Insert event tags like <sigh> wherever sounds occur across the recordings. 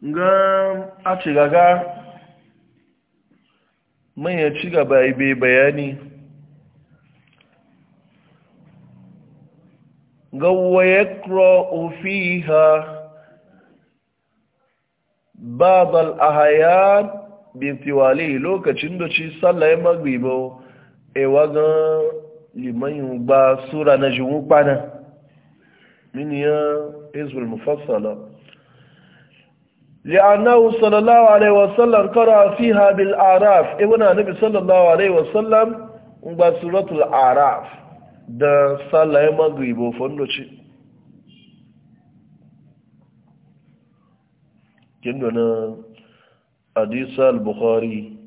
ga a ci gaga manya ci gaba ibe bayani ga wayekro ha. babal ahayan bintiwale lokacin da ci sallaye magbibo ewa ga liman ba sura na jiwu kwana miniyan izul mufassala لأنه صلى الله عليه وسلم قرأ فيها بالأعراف إبنى النبي صلى الله عليه وسلم بسورة الأعراف da sallaye magribo fondoci kindo na hadisa al-bukhari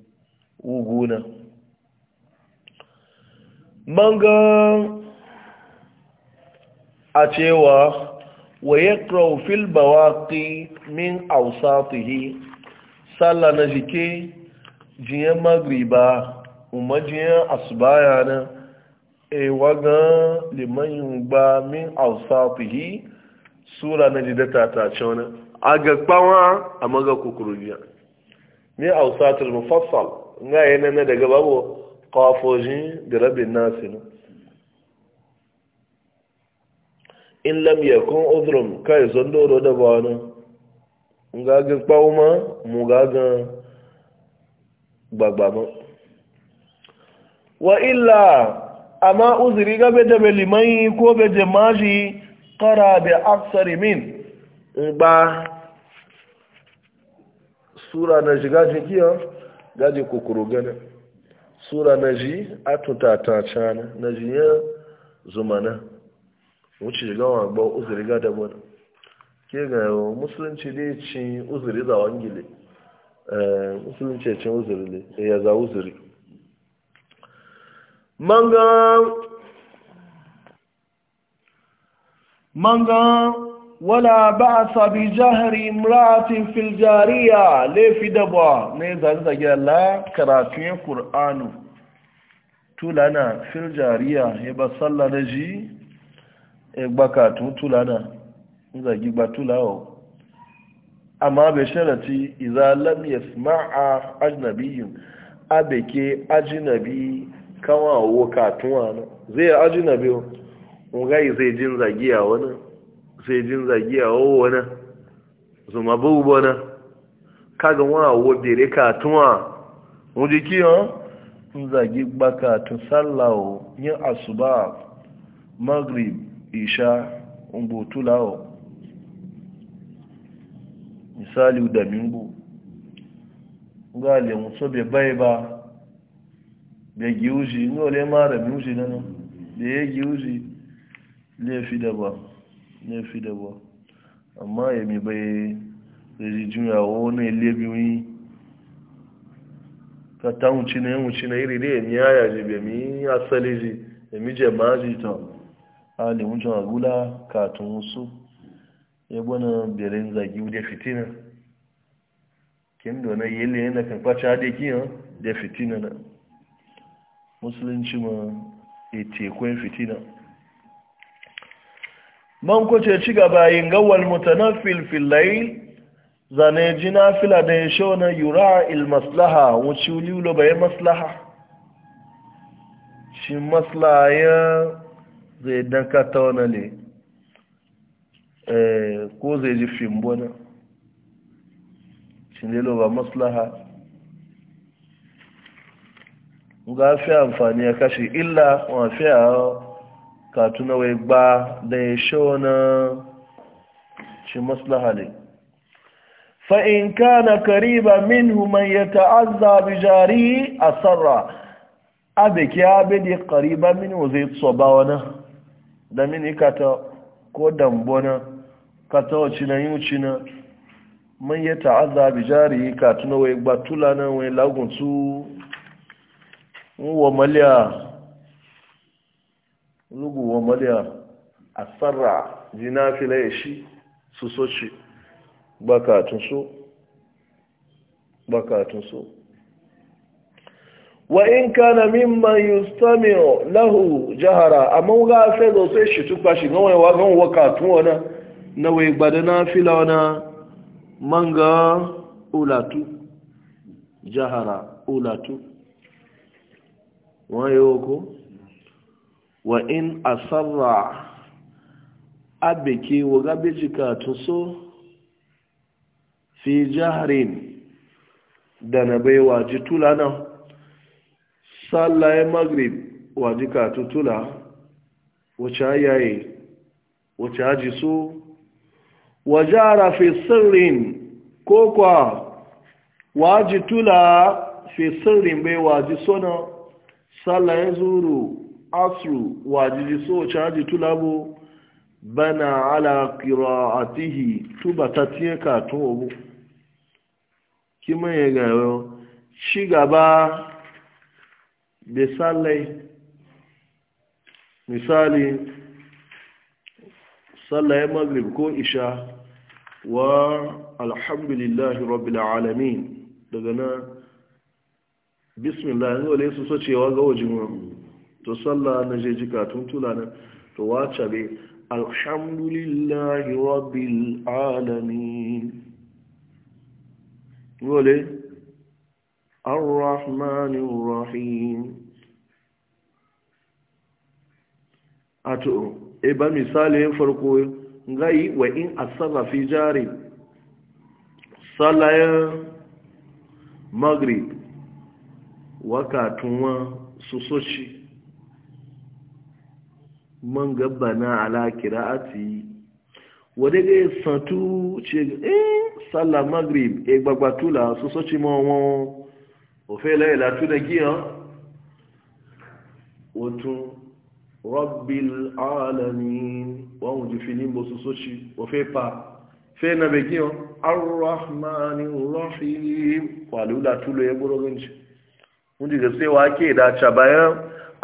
uguna manga a cewa wa yakrahu fil bawaqi min awsatihi salla na jike jiyan magriba umma jiyan asbaya na e waga liman yugba min awsatihi sura na jidata ta ce wani aga kpawa a maga kukurubiya min awsatul mufassal nga yana na daga babu qafojin da rabin nasinu in lam yakun uzrum kai zan doro da ba wani ngagin kpawuma mu gagin gbagbama wa illa amma uzuri gabe da belimai ko be jamaji kara be aksari min ba sura na ji gaji ga gaji kukuru gana sura na ji atuta ta cana na ji ya zumana wuce gawa ba uzuri ga daban ke ga yawon musulunci dai cin uzuri za wangile eh, musulunci ya cin uzuri ne eh, ya za uzuri manga manga wala a sabi jahari imra'atin filjariya laifi lafi na ne zan zage la karatun ya tulana fil jariya he ba sallallaji gbaka tun tula na zagi gba amma bai sharati iza lam yasma'a ajnabiyyun abeke ajnabi kawa wo ka tuwa na zai ajnabi zai jin zagi a zai jin zagi a wani zuma bubu kaga wa wo bere ka tuwa mu jiki gbaka tun sallah o yin asuba maghrib isha umbutu lawo misali da mimbu ngale mutso be baiba be giuzi, giuji ngole mara miuji nana be giuji le fida ba le fida ba amma ya mi bai rijijun yawo na ile biyu ka ta wuce na yawuce na iri da ya mi yaya ji be mi asali ji ya mi jama'a ji ta alimun jagula katun wasu ya bana birin zagi da fitina kin dona yele yana kan kwacha da kiyo da fitina na musulunci ma ite kwen fitina man kwace ci gaba yin gawal mutanaffil fil layl zane jina fila da ya shona yura il maslaha wuce wuliwulo bayan maslaha shi maslaha ya zai danka ta wani ne eh, ko zai ji fimbo na shi ne ba maslaha ga fi amfani ya kashi illa wa fi a katuna wai ba da ya sho na shi maslaha ne fa'in kana kariba min human ya ta'azza bi jari a sarra abiki abidi kariba min zai tsoba wani da mini kata ko dambona kata wace na yi wuce na man ya ta'azza bi jari ka tuna wai gbatula na wai lagun su wa maliya lugu wa maliya a tsarra jina fila ya shi su soci bakatun so bakatun so wa in kana mimma yustami'u lahu jahara amma ga sai zo sai shi tukpa shi gawa wa na waka tuwana na wai na fila manga ulatu jahara ulatu wayo ko wa in asarra abiki wa gabe tuso so fi jaharin da na baiwa jitula nan sallaye maghrib waji tutula wace yayi wace haji su wajara fi sirrin ko kwa waji tula fi sirrin bai waji sona sallaye zuru asru waji jisu wace haji tula bu bana ala qira'atihi tuba tatiye katun obu kima ya gayo shiga gaba بيصلي مثالي صلى المغرب كو إشاء والحمد لله رب العالمين دغنا بسم الله هو ليس سوتشي واغا وجمو تو صلى نجيجيكا تونتولانا تو واتشا الحمد لله رب العالمين هو ليه الرحمن الرحيم ato e ba misali farko gai wa in asarra fi jari salayan maghrib wakatunwa susoci man gabana ala kira'ati wadda ga yi santu ce eh sallah maghrib e ma wọn òfèlè ìlàtúnà gíyàn òtún rọ́bìl alàmì wọ́n jù fi ní bó soso ṣi òfè pa fẹ́ na bẹ gíyàn arrahmani rahim wàlú ìlàtúnlò ẹgbẹ́ rọ́gẹ́njì wọ́n jù gẹ̀ẹ́sẹ̀ wá kí ìdá àṣàbáyán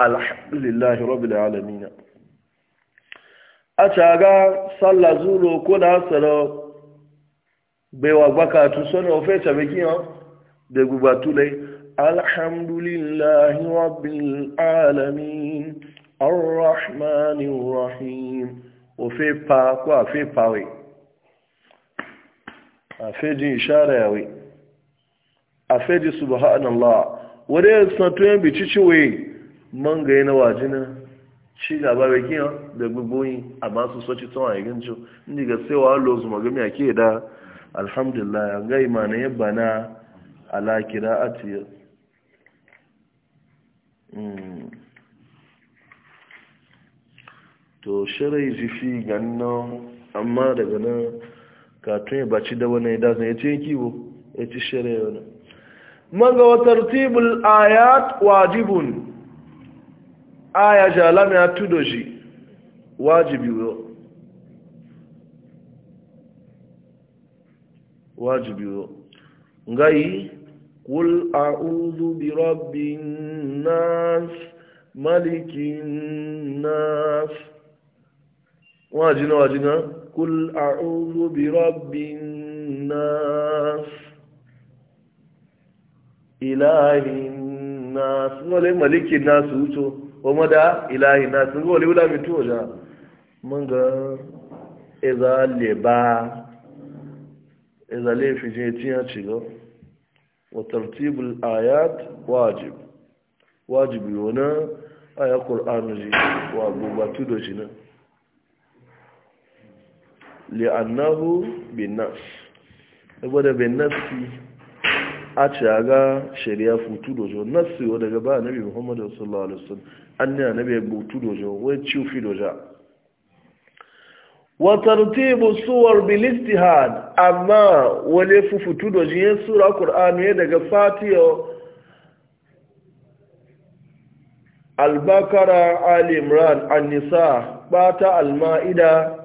alhamdulillahi rọ́bìl alàmì na a ṣàgá sálà zúrò kó náà sọ̀rọ̀ gbẹ̀wà gbákàtú sọ́nà òfè ṣàbẹ̀kíyàn dẹ̀gbùgbà túlẹ̀ الحمد لله رب العالمين الرحمن الرحيم وفي وفي باوي إشارة سبحان الله سنتوين من غينا واجنا da a masu soci tsawon a ga sewa magami a ke da alhamdulillah ga imanin yabba na ala Hmm. to shirai zifi ganna amma daga nan katon ya baci da wani da zai ce kiwo ya ci shirai wani manga wa tartibul ayat wajibun aya jalam ya tudo shi wajibi yo wajibi yo ngai قل أعوذ برب الناس ملك الناس واجنا واجنا قل أعوذ برب الناس إله الناس ولا ملك الناس وتو ومدى إله الناس ولا ولا متوجا من إذا لبا إذا لفجيتين أشيلو وترتيب الآيات واجب واجب يونا آية قرآن جي وابوباتو دوشنا لأنه بالنفس يبدا بالنفس أتشاغا شريعة فوتو دوشو نفسي ودقبا نبي محمد صلى الله عليه وسلم أني نبي بوتو دوشو ويتشو في دوشا watartibu suwar bilistihad amma wale fufutu da jiyan sura ƙur'anu ya daga fatiyo albakara alimran annisa bata alma'ida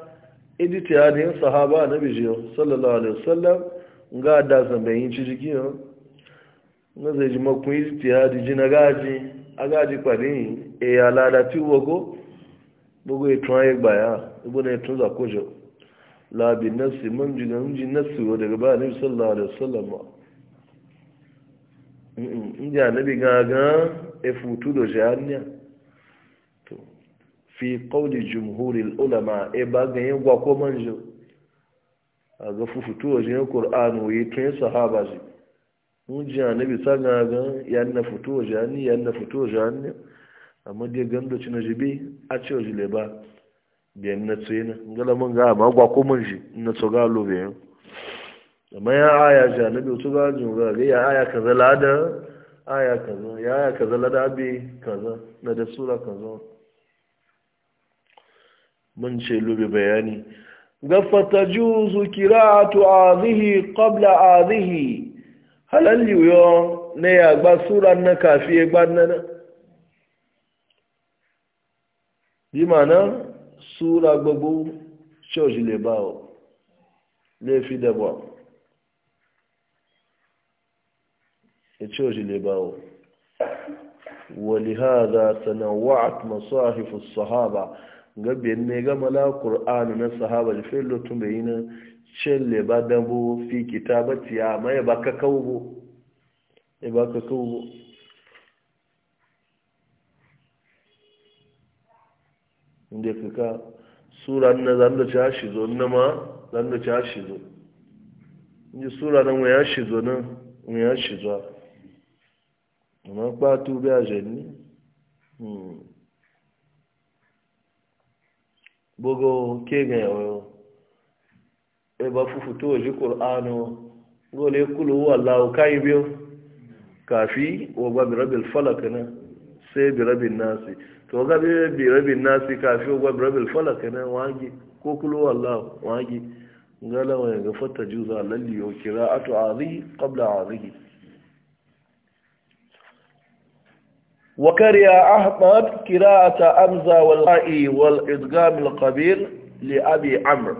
iditiyadin sahaba na bijiyo sallallahu alaihi wasallam ga da zambayin ciki na zai ji makon iditiyadi a gaji kwadin e bugu ya tuwa ya gbaya ibu na ya tun za ko jau labi nasi man jina mji nasi daga ba nabi sallallahu alaihi wasallam ba in ja nabi gaga e futu do jahannam to fi qawli jumhuril ulama e ba ga yin gwa ko manjo a ga fufutu wa jin qur'an wa yi tun sahaba ji mun ji annabi sa gaga ya na futu wa jahannam ya na futu wa jahannam amma dai gando ci na jibi a ce wa jile ba biyan na tsaye na gala man ga ma gwa kuma shi na tsoga lobe yau amma ya aya ja na biyu tsoga jin ga ga ya aya kaza lada aya kaza ya aya kaza lada abi kaza na da sura kaza mun ce lobe bayani gafata juzu kira'atu azihi qabla azihi halal yiwu yau ne ya gba sura na kafi ya gba na bí màánà súra gbogbo ṣọ́ọ̀ṣì lè bá ọ lè fi dẹ̀bọ̀ ṣọ́ọ̀ṣì lè bá ọ ولهذا تنوعت مصاحف الصحابة gabe ne ga mala qur'ani na sahaba da fil lutun bayina lè ba dambo fi kitabati bá mai ma kaubo bá baka inda ka sura na zan da ca shi zo na ma zan da ca shi zo inda sura na mu ya shi zo na mu ya shi zo amma ba tu bi a jenni hmm. bogo ke ga yawo e ba fu to ji qur'ano gole kulu wallahu kai biyo kafi wa ba bi rabbil falak na sai bi rabbin nasi to ga bi rabin nasi fi wa rabin falaka na wagi ko kulo wallah wagi ngala wa ga fata juza lalli yo atu azi qabla azi wa kariya ahmad qira'ata amza wal ra'i wal idgham al qabir li abi amr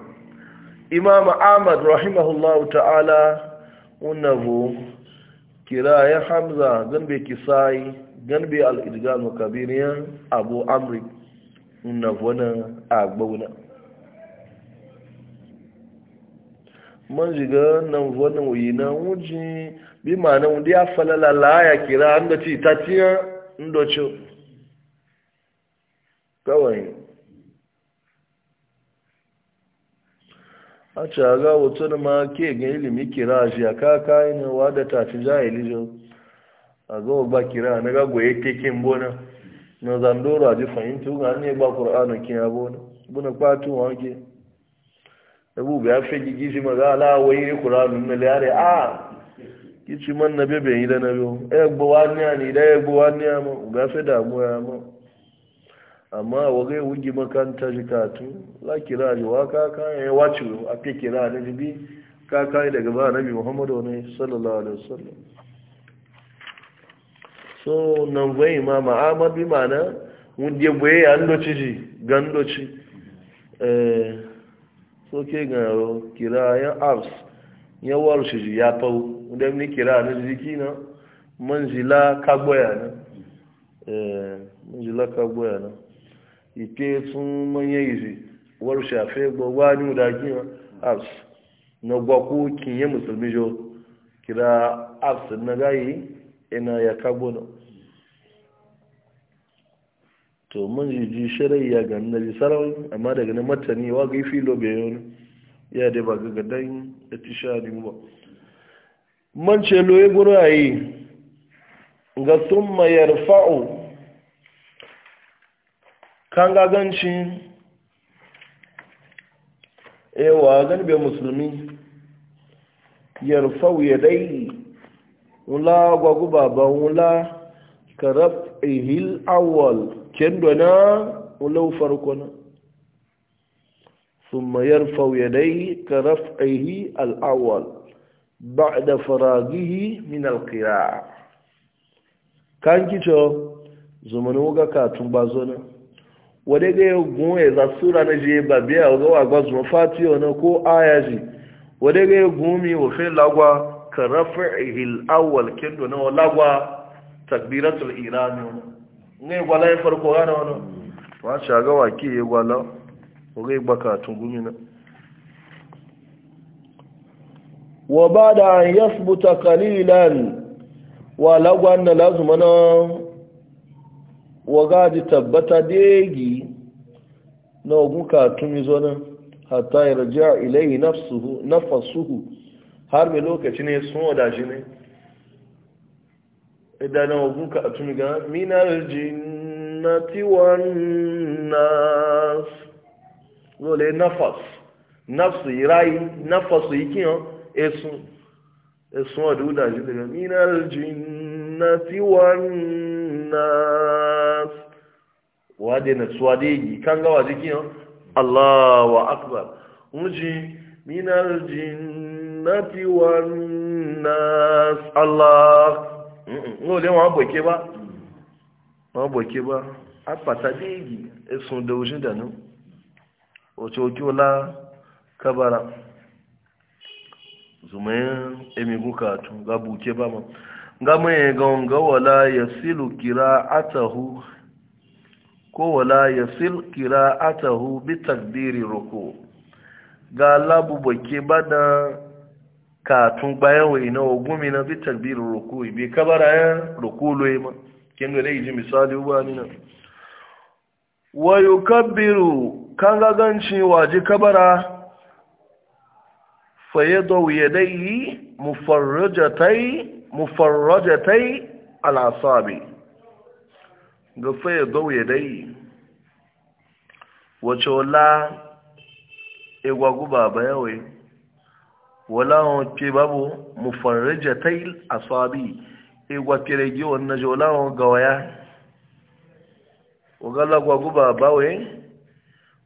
imam ahmad rahimahullah ta'ala unavu qira'a hamza zambe kisai ganbe al'idgano kabiriyan abu amri na wani agbauna man shiga nan wani wuyi na wuji bi ma na wunde ya falala laya kira an da ci ta tiya ndoci kawai a caga wato da ma ke ga ilimi kira shi a kakayi ne wa da tafi a zo ba kira na ga goye tekin bona na zandoro a ji fahimta ga ne ba qur'ano kin ya bona buna kwatu wange abu ba fe gigi shi maga ala wayi qur'ano na lare a kici man nabe be yi na biyo e gbo wani ani da e gbo wani ama ga fe da mu ya ma amma wagai wugi makanta jikatu la kira ji wa ka ka e wacu a kira ne bi ka kai daga ba nabi muhammadu ne sallallahu alaihi wasallam so na bai ma a bi mana wunde boye an doci ji gan eh, so ke ga kira ya abs ya warshi ji ya fau wunde ni kira na jiki na manzila kagboya na eh manzila kagboya na ike tun manye izi warshi afe gbogbo ni mudaki abs na gbakwo kinye musulmi jo kira abs na gayi ina ya kagona to mun jiji shirai ya gani na jisarawai amma daga na matani wa ga ifi lobe yau ya dai ba ga dan ya ti sha ba man ce loye guru a yi ga sun mayar fa'o kan gaganci ewa eh, ganibe musulmi yarfau ya dai wula gwagu baba wula ka raf'ihil awwal kendo na wula farko na ثم يرفع يديه كرفعه الأول بعد فراغه من القراءة كان كيتو زمانو غا كاتون بازونا wadega ya gunwe za sura na je babiya ga wa gwazu mafati ko ayaji wadega ya gumi ka rafi'ihi al-awwal kendo na lagwa takbiratul irani ne gwala ya farko gane wani ma mm. shaga ke ya gwala ga gumi na. wa ba da an yasbuta kalilan wa lagwa na lazuma na wa gaji tabbata degi na ogun katun izona hatta yarja ilayhi nafsuhu nafasuhu har mai lokaci ne sun wada shi ne idan ogun ka atumi ga minar jinnati wannas lole nafas nafsu rayu nafasu yi kiyan esun wadu wúdà sí lè minar jinnati wannas wade na tsuwade yi kan gawa jikiyan allah wa akbar minar jinnati jinnati wan nas Allah ngo le wa boke ba wa boke ba a pata degi esun da ujin da no o to kula kabara zumayan emi guka tun ga buke ba ma ga mai ga wala yasilu qira'atahu ko wala yasil qira'atahu bi takdiri ruku ga labu boke bada Ka tun bayan wai na gumi na bi takbirin rukuyi bai kabara yan rukulo ya ma kin ga dai ji misali ba ni na wa yukabbiru kan ga ganci waji kabara fa yadu yadayhi mufarrajatai mufarrajatai al asabi ga fa yadu yadayhi wace wala igwagu baba yawai wala wace babu mufarrija tail asabi igwa kiregi wannan jola gawaya ogala gwa guba bawe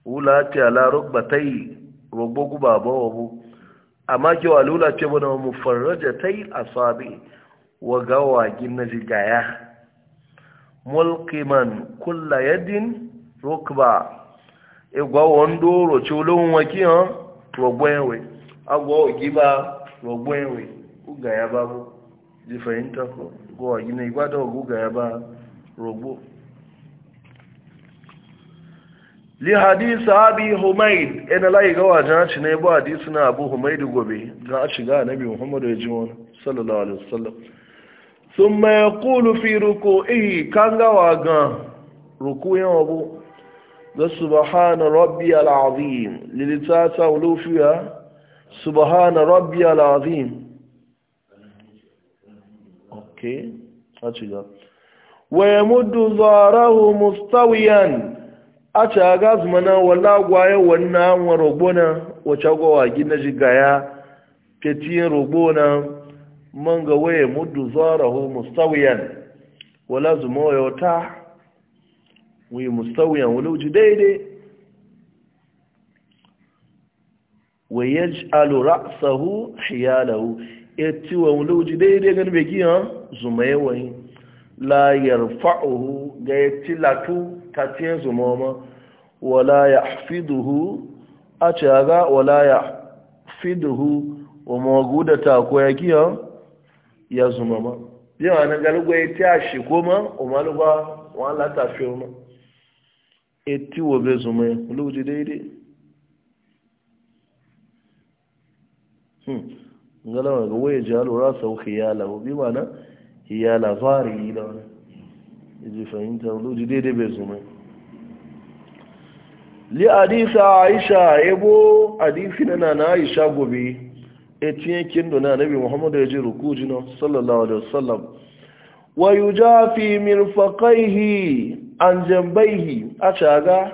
ula ti ala rugba tail rugbo guba bawo bu amma ki wa lula ce bana mufarrija tail asabi wa gawa gina ji gaya mulkiman kulla yadin rukba igwa wandoro chulun wakiyan rugbo yawe agwa ogiba rogwenwe uga ya babu fahimta ko gowa gina igwada wa guga ya ba rogo li hadisa abi humaid ina layi ga wajen ci ne ba hadisi na abu humaid gobe ga a shiga nabi muhammadu ya e ji wani sallallahu alaihi wasallam sun mai kulu fi ruku ihi kangawa gan ruku yin abu ga subhana rabbi al'azim lilita ta wulufiya subhana rabbi al'azim ok a ci ga waya muddu zarahu mustawiyan a ci a gazmana wala gwaye wannan wa robona wace gwawa gina jigaya fetiyin robona man ga waya muddu zarahu mustawiyan wala zuma wayota wuyi mustawiyan wala wuce daidai wa yaj'alu ra'sahu hiyalahu yati wa wuluji daidai gan be giya zumaye wani la yarfa'uhu ga yati latu tatiye zumoma wala yahfiduhu achaga wala yahfiduhu wa maguda ta ko ya giya ya zumama yawa na galugwa yati ashi koma a wala ta fi ma yati wa be zumaye wuluji daidai Hmm. ngalawa ga waye jalo sau khiyala bi mana hiyala fari ila wani yaji fahimta loji daidai bai zo mai li adisa aisha ebo adisi na na aisha gobe etinye kindo na nabi muhammadu ya ji ruku na sallallahu alaihi wasallam wa yujafi mirfaqaihi an jambaihi a caga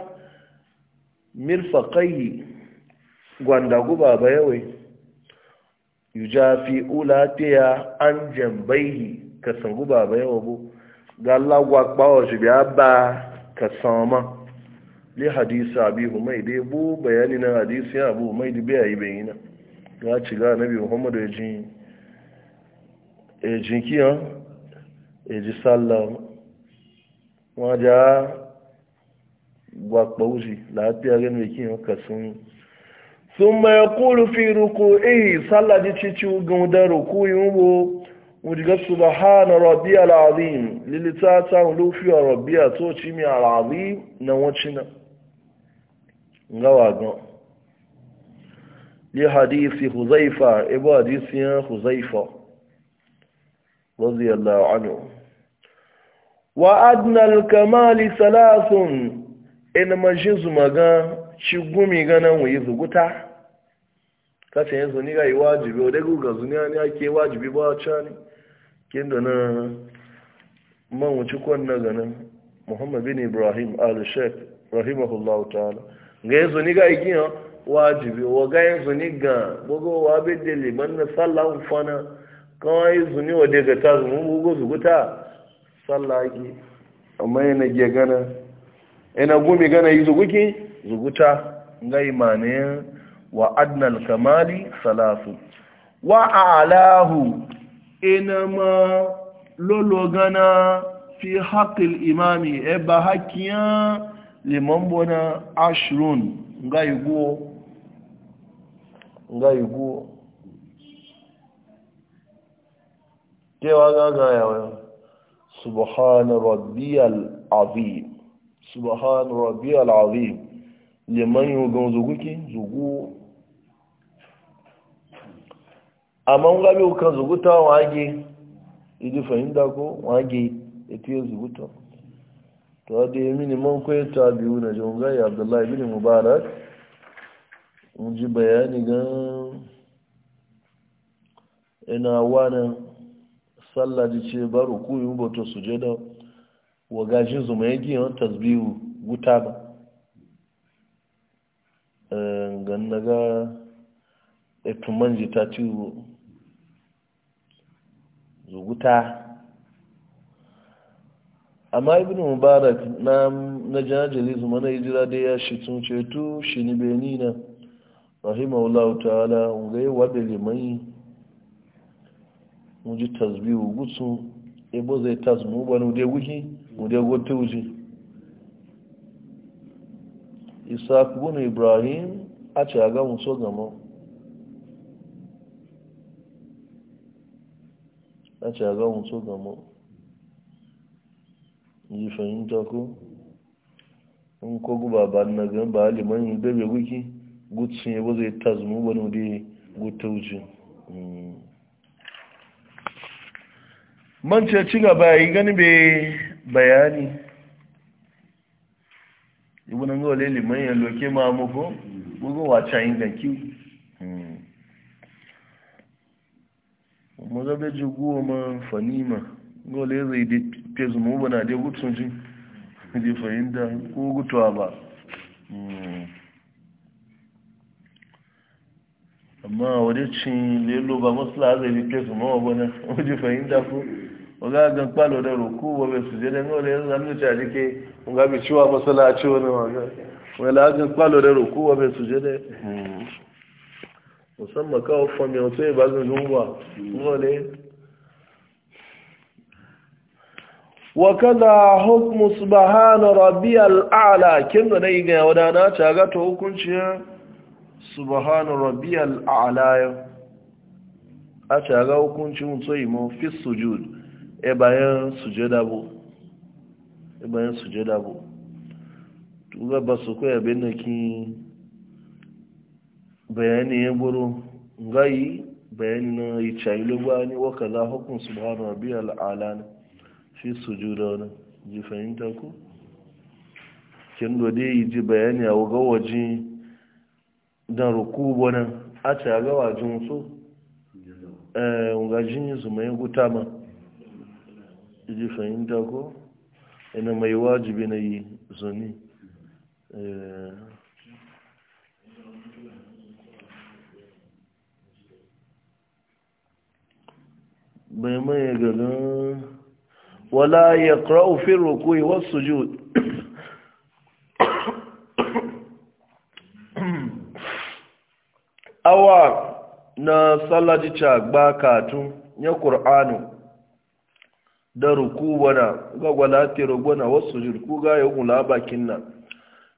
mirfaqaihi gwanda guba ba yawai yujafi ulatiya an jambaihi ka san guba ba yawa bu ga lagwa kpawa shi bi ba ka sama li hadisi abi humai dai bu bayani na hadisi ya abu humai bi ayi yi bayina ya ci ga nabi muhammadu ya ji e jinkiya e ji sallah wajen gwakpa uji lafiya gan mai kiyan kasun sun mai kulu fi ruku ihi sallaji cici gudun ruku yiwu wujiga subhana rabbi al'azim lilita ta lufi a rabbi a to ci mi al'azim na wacina gawa gan li hadisi huzaifa ibu hadisiyan huzaifa radiyallahu anhu wa adnal kamali salasun in ga shi gumi kacha yanzu ni ga yi wajibi o daga ga zuniya ni ake wajibi ba a cani kin da na man wuce kwanna ganin muhammad bin ibrahim al-sheikh rahimahullah ta'ala ga yanzu ni ga igiyan wajibi wa ga yanzu ni ga bugo wa bi da liman na sallah fana kawai yanzu ni wa daga ta zumu bugo zuguta sallah ki amma yana ge gana yana gumi gana yi zuguki zuguta ga imanin wa adnal kamali salasu wa alahu inama lolo gana fi haƙil imami e ba haƙiyan liman bona ashrun ga igwo kewa gaga yawon subhan rabbiyal azim subhan rabbiyal azim liman yi ogun zuguki zugu amma ngabe uka zuguta wage idi fahimta ko wage etiye zuguta to da mini man ko ta biyu na jonga ya abdullahi bin mubarak mun ji bayani ga ina wana sallah ji ce ba ruku yi bato sujada wa gashi zuma yake yawan tasbihu wuta ba eh, gannaga etumanji ta ciwo zuguta amma ibn mubarak na na jajali zuma na hijira da ya shi tun ceto shi ni beni na rahimahullah ta'ala ga yi wa mai mu ji wa gutsu ebo zai tasmu ba nu da wuki mu dai gote wuji isa ibn ibrahim a ce a ga mu so gama a ce a ga mutu gamo yi fahimta ko in ko guba ba na gan ba liman yi bebe wiki gutsun yabo zai tazmu wani da guta wuce man ce ci gaba yi gani bai bayani ibi nan ga wale liman ya loke maza bai ji guwa ma fanima gole zai da ke zuma ba na dai gutsun shi da fahimta ko gutuwa ba hmm. amma wadda cin lelo ba masu zai da ke zuma ba na <laughs> wajen fahimta ko waga gan kwalo da roku ba bai su jere ngole gole yanzu zamu a jike ga bi ciwa masala a ciwo na waga wala gan kwalo da roku ba bai su jere hmm. musamman kawo fami yi ba bazin zuwa ne? wa kada hukmu subhana rabbiyal a'la kin da dai ga wadana ta ga to hukunci subhana rabbiyal a'la a ta ga hukunci mun so imo fi sujud e bayan sujada bu e bayan sujada bu to ga basu ko ya benakin bayani ya buru gayi bayani na yi cayi gwani hukun su hukun subhanahu rabbi al'ala ne fi sujuda wani ji fahimta ku kin dode yi ji bayani a ga waje dan ruku wani a ci a ga wajen so eh su mai guta ma ji fahimta ku ina mai wajibi na yi zoni eh. bai mai ganin wala ya ƙra'ufin rukui wasu jud awa na tsallajica gba katun ya ƙur'anu da rukuwana gagwalati rugwana wasu jirku ga ya hula bakin nan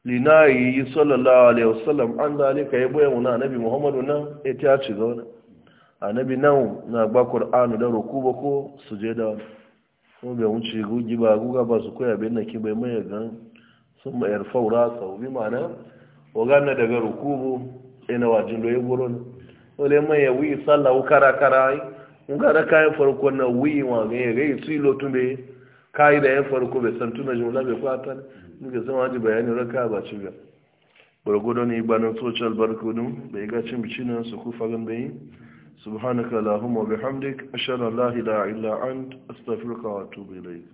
linayi sallallahu alaihi wasallam an zalika ya bayan wuna nabi muhammadu nan ya ta ci zaune annabi nan na gba qur'anu da rukuba ko sujeda ko bai wuce gugi ba guga ba su koya bai naki bai mai gan sun mayar faura sau bi ma'ana gana daga rukubu ina wajen loye buron wale mai ya wi sallahu kara kara in gara kayan farko na wi wa ga ya gai su lotu bai kayi da yan farko bai san tuna jimla bai kwata ne ga san waje bayani raka ba ci ga burgudu yi ibanin social barkudu bai ga cin bicinan su kufa gan bai subhanaka allahumma bihamdik ashhadu an la ilaha illa ant astaghfiruka wa atubu ilayk